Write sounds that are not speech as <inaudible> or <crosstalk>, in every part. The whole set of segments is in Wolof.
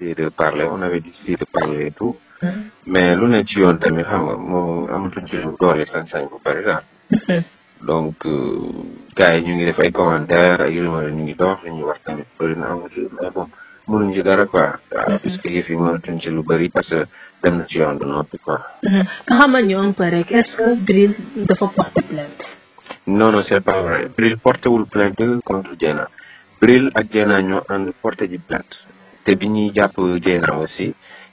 de parler on avait décidé mm-hmm. mais lu ne ci yoon tamit xam nga moom amatuñ ci doole sañ-sañ bu bëri mm-hmm. euh, yi ñu ngi def ay commentaire ñu ngi dox li ñuy wax tamit bëri na amul ci mais mm-hmm. yi parce que dem ci yoon du noppi quoi nga xamal ñu un peu Bril dafa porter plainte non non Bril ak Dieyna ñoo ànd porté ji plainte te bi ñuy jàpp Dieyna aussi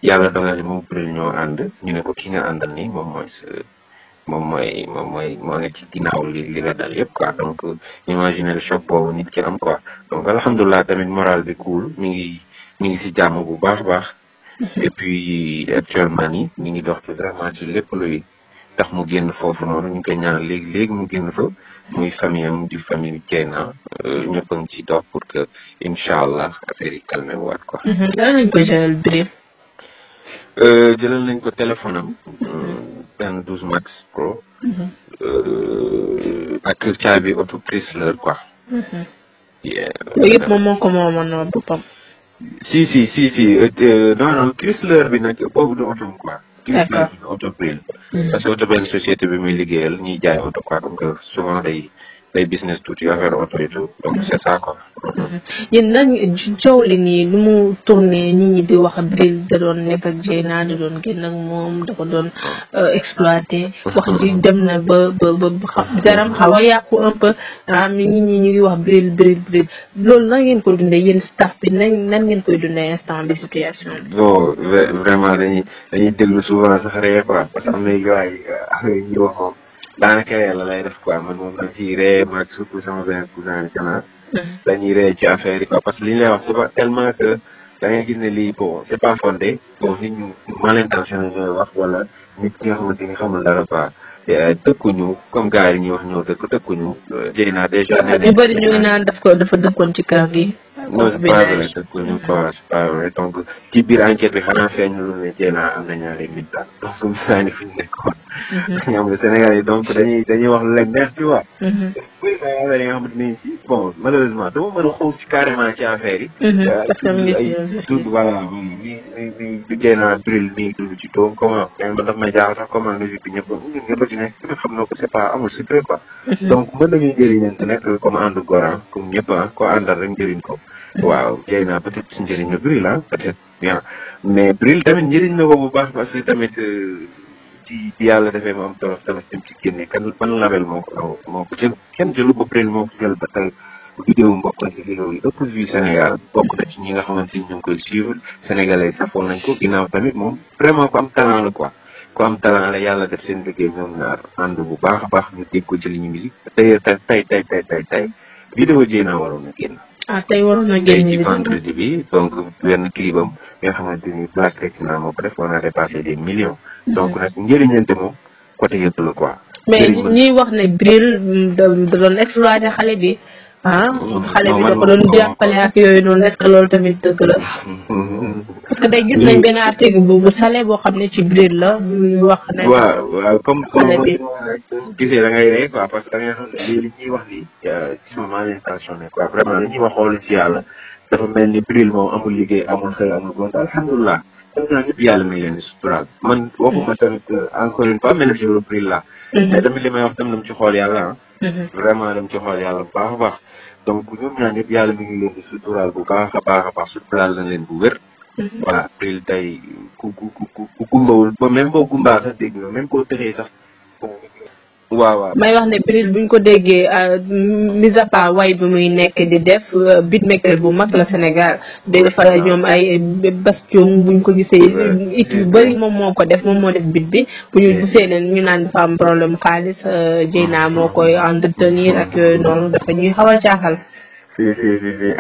yàlla dogal ni moom kuréel ñoo ànd ñu ne ko ki nga àndal nii moom mooy sa moom mooy moom mooy moo ne ci ginnaaw li li la dal yëpp quoi donc imaginer le choc boobu nit ki am quoi donc alhamdulilah tamit moral bi cool mi ngi mi ngi si jàmm bu baax a baax. Mm-hmm. et puis actuellement nii mi ngi dox ci vraiment ci lépp luy. tax mu génn foofu noonu ñu ngi koy ñaan léegi léegi mu génn fa muy famille am di famille Diena euh, ñëpp a ngi ci dox pour que incha allah affaire yi calmé mm-hmm. ko euh, jëlal nañ ko téléphone am. Mm-hmm. benn 12 max pro. Mm-hmm. Euh, ak caabi auto Chrysler quoi. yëpp moom moo ko moomoon boppam. si si si si non non Chrysler bi nag boobu du otoom quoi. client autopril hmm. parce que autopril société bi muy liggéeyal ñuy jaay oto quoi donc souvent day day business tuuti affaire oto yi tout donc mhm. c' ça quoi. Mhm. yéen nag coow li nii lu mu tourné nit ñi di wax Bril da doon nekk ak Dieyna da doon génn na moom da ko doon euh, exploité. Mhm. wax ji dem na ba ba ba jaram xaw a yàqu un peu am ah, nit ñi ñu ngi wax Bril Bril Bril loolu nan ngeen koy staff bi nan nan ngeen koy dundee instant bi situation bi. bon vraiment dañuy dañuy déglu souvent sax rek quoi parce que am na daanaka yàlla lay def quoi man moom dañ ciy ree maag surtout sama benn cousin de classe. dañuy ree ci affaire yi quoi parce que li ñu lay wax c'est pas tellement que da ngay gis ne lii bon c'est pas fondé bon nit ñu mal intentionné wax wala nit ki nga xamante ni xamul dara quoi dëkkuñu comme gars yi ñuy wax ñoo dëkk dëkkuñu. jëy naa déjà nee nañ daf ko dafa dëkkoon ci kàr noose Pavel dëkkul ñu ko donc ci biir enquête bi xanaa feeñul ne Dieyna am ñaari nit donc ñu saa fi ñu nekkoon. Mhm. nga yi donc dañuy dañuy wax lu leen neex tu vois. Mhm. oui mais li a xuus ci carrément ci affaire yi. Mhm. Euh, parce que mu ngi si ay voilà nii nii nii Dieyna brûle nii dugg ci toom comment même daf may jaaxal comment logique bi ci nekk ku xam na ko c'est pas amul secret quoi. donc mën nekk comme ànd góor ah, comme ñëpp ah, ko àndal rek njëriñ ko. waaw jëy naa peut être si njëriñ la Bril ah peut mais Bril tamit njëriñ na ko bu baax parce que tamit euh, ci yàlla defee mu am tolof tolof dem ci génne kan ban label moo ko moo ko jël kenn jëlu ba Bril moo ko jël ba tey vidéo mbokk na ci ñi nga xamante ni ñu ngi koy suivre sénégalais safoon nañ ko ginnaaw tamit moom vraiment ku am talent la quoi ku am talent la yàlla def seen liggéey ñoom ñaar ànd bu baax a baax ñu dégg ko ci li ñu musique tey tey tey tey tey tey vidéo jéy naa génn ah tey waroon na génn ci vendredi bi donc benn clipam nga xamante ni Black Rexna moo ko def on a dépassé des millions. Mm-hmm. donc nag njëriñante moom côté yëpp la quoi. mais ñuy wax ne Bril mm, da doon exploité xale bi. ah xale bi da ko doon jàppale ak yooyu noonu est-ce que loolu tamit dëgg la. <laughs> parce que tey gis nañ benn article bu bu sale boo xam ne ci biir la wax. ne waaw waaw comme comme gisee da ngay rey que da ngay xam ne li ñuy wax nii. Euh, ci xool ci yàlla. dafa mel ni bril moom amul liggéey amul xëy amul gont alhamdulilah dam naa ñëpp yàlla may leen suturaal man waxuma tamit euh, encore une fois manager u bril la mm-hmm. mais tamit li may wax tam dam ci xool yàlla ah mm-hmm. vraiment dam ci xool yàlla bu baax a baax donc ñoom ñaan ñëpp yàlla mi ngi leen di suturaal bu baax a baax a baax suturaal na leen bu wér mm-hmm. voilà bril tey ku ku ku ku gumbawul ba même boo gumbaa sax dégg nga même boo tëxee sax waaw waaw may wax ne Bril buñ ko déggee mis à part way bi muy nekk di def beatmaker bu mag la Sénégal day defar ñoom ay bastion buñ ko gisee it yu bëri moom moo ko def moom moo def bit bi bu ñu gisee leen ñu naan dafa am problème xaalis naa moo koy entretenir ak yooyu noonu dafa ñuy xaw a caaxal si si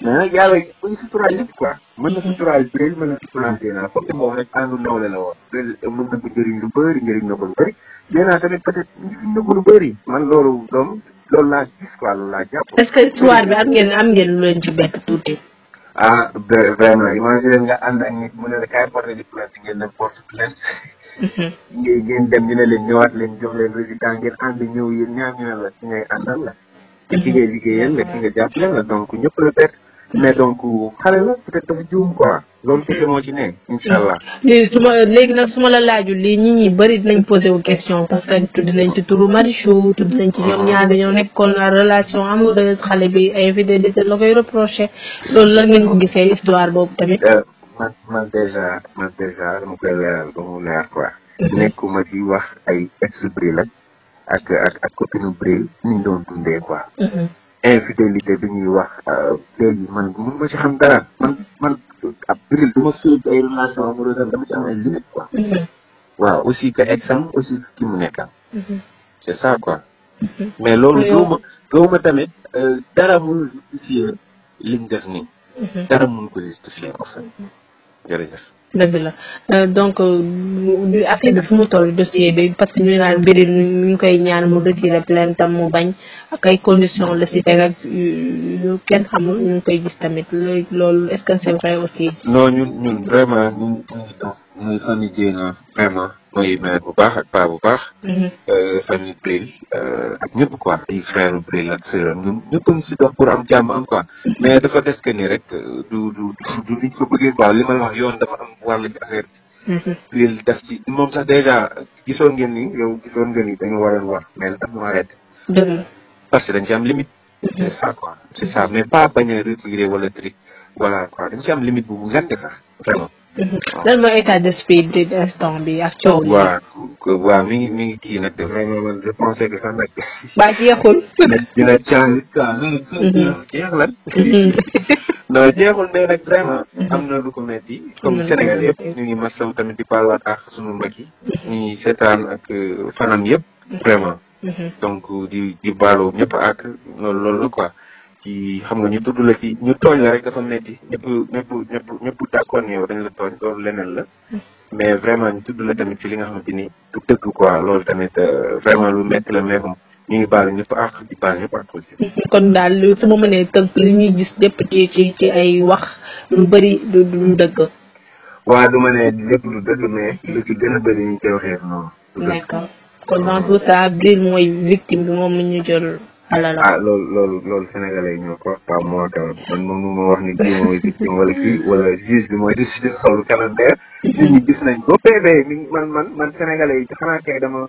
mais nag yàlla buñ suturaal na suturaal biir mën na suturaal Dieyna foog ne moom rek àndu ndaw la la woon mën na bu jëriñ lu bëri njëriñ na ko lu bëri Dieyna peut être njëriñ na ko lu bëri man loolu doom loolu laa gis quoi loolu laa jàpp. est ce que histoire bi am ngeen am ngeen lu leen ci bett tuuti. ah vraiment imagine nga ànd ak nit mu ne la kaay porté di plainte ngeen dem porte plainte. Mhm. ngeen dem ñu leen ñëwaat leen jox leen résultat ngeen ànd ñëw yéen ñaar ñu ne la ci ngay àndal te ki ngay liggéeyal la ki nga jàppale la donc ñëpp la perte mais donc xale la peut-être dafa juum quoi loolu kese moo ci nee incha allah. su ma léegi nag suma la laajul lii ñi ñi bëri dinañ posé wu question parce que tudd nañ ci turu Marichou tudd nañ ci ñoom ñaar dañoo nekkoon relation amoureuse xale bi infidélité la koy reproché loolu lan ngeen ko gisee histoire boobu tamit. Euh, man man déjà man déjà dama koy leeral ba mu leer quoi. Mhm. nekkuma ci wax ay ex la ak ak ak copine Bril ni ñu doon dundee quoi. Mm-hmm. infidélité bi ñuy wax. léegi euh, man mun ma ci xam dara man man ab Bril du ay relation amoureuse am dama ci am ay limite quoi. Mm-hmm. waaw aussi que ex aussi ki mu nekkal. Mm-hmm. c' ça quoi. mais loolu gëwuma gëwuma tamit euh, dara mënul justifier liñ def nii. dara mënul ko justifier en fait la la donc affaire bi fu mu toll dossier bi parce que ñu naa mbiri ñu ngi koy ñaan mu retiré plainte tam mu bañ ak ay conditions la si teg kenn xamul ñu ngi koy gis tamit loolu est-ce que c'est vrai aussi. non ñun ñun vraiment ñu ngi toog muy sonni jéem vraiment. mooy mère bu baax ak paa bu baax. Mhm. Euh, famille Bril euh, ak ñëpp quoi ay frère Bril ak sœur ñun ñëpp a si dox pour am jàmm am quoi. Mhm. mais dafa des que ni rek euh, du du du duñ ko bëggee quoi li may wax yoon dafa am wàllu affaire bi. Mhm. daf ci moom sax dèjà gisoon ngeen ni yow gisoon ngeen ni dañu waroon wax mais la tax ñu parce que dañ ci am limite. c'est ça quoi c'est ça mais pas bañ a retiré wala tri voilà quoi dañ ci am limite sax <laughs> lan mooy état d'esprit bi instant bi ak coow li. Oh, waaw mi ngi mi ngi kii nag de vraiment man je pensais que <laughs> ba jeexul. dina jeexul mais mhm. am na lu ko metti mhm. comme Sénégal yëpp ñu ngi masaw tamit di baal ak sunu mbokk yi. ngi seetaan ak euh, fanam yëpp. vraiment. Mhm. donc di di baaloo ñëpp ak loolu loolu la quoi. ci xam nga ñu tudd la ci ñu tooñ la rek dafa metti ñëpp ñëpp ñëpp ñëpp d'accord ni yow dañ la tooñ loolu leneen la mais vraiment ñu tudd la tamit ci li nga xamante ni du dëgg quoi loolu tamit euh, vraiment lu metti la mais comme ñu ngi baal ñëpp àq di baal ñëpp àq aussi <laughs> kon daal su ma mënee tënk li gis lépp ci ci ci ay wax lu bëri du lu dëgg waa du ma ne lépp lu dëgg mais lu ci gën a bëri ñu ngi koy waxee noonu d'accord kon dans tout ça Bril mooy victime bi moom la ñu jël ah loolu loolu loolu sénégalais yi ñoo ko wax pas moi quand man moom moom moo wax ni kii mooy victime wala kii wala juge bi mooy décidé xawlu kanam der nit ñi gis nañ ba PV mi man man man yi xanaa kay dama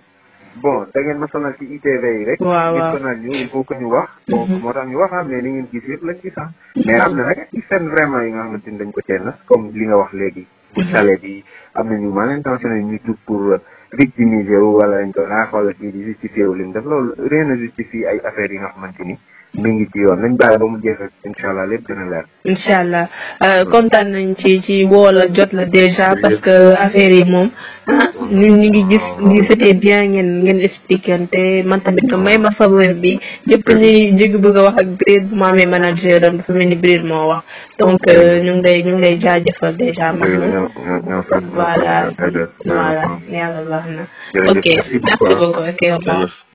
bon da ngeen ma sonal ci ITV yi rek ngeen sonal ñu il faut que ñu wax donc moo tax ñu wax ah mais li ngeen gis yëpp lañ ci sax mais am na nag ay fenn vraiment yi nga xamante ni dañ ko cee nas comme li nga wax léegi pour salaire yi am nañu maa leen tensionné ñu jug pour victimiser wu wala lañ ko naax ah, wala kii di justifier wu lim def loolu rien ne justifie ay affaires yi nga xamante ni mi ngi ci yoon nañ bàyyi ba mu jeex rek incha allah lépp dina leer. incha allah euh, kontaan nañ ci ci woo jot la déjà parce que affaire yi moom ah, ñun ñu ngi gis oh. ni c'était bien ngeen ngeen expliqué te man tamit oh. may ma faveur bi ñëpp ñuy ñu bëgg wax ak Bril bu ma amee manager am dafa mel ni Bril moo wax donc euh, ñu ngi lay ñu ngi lay jaajëfal déjà. man voilà voilà yàlla baax na. ok merci beaucoup ok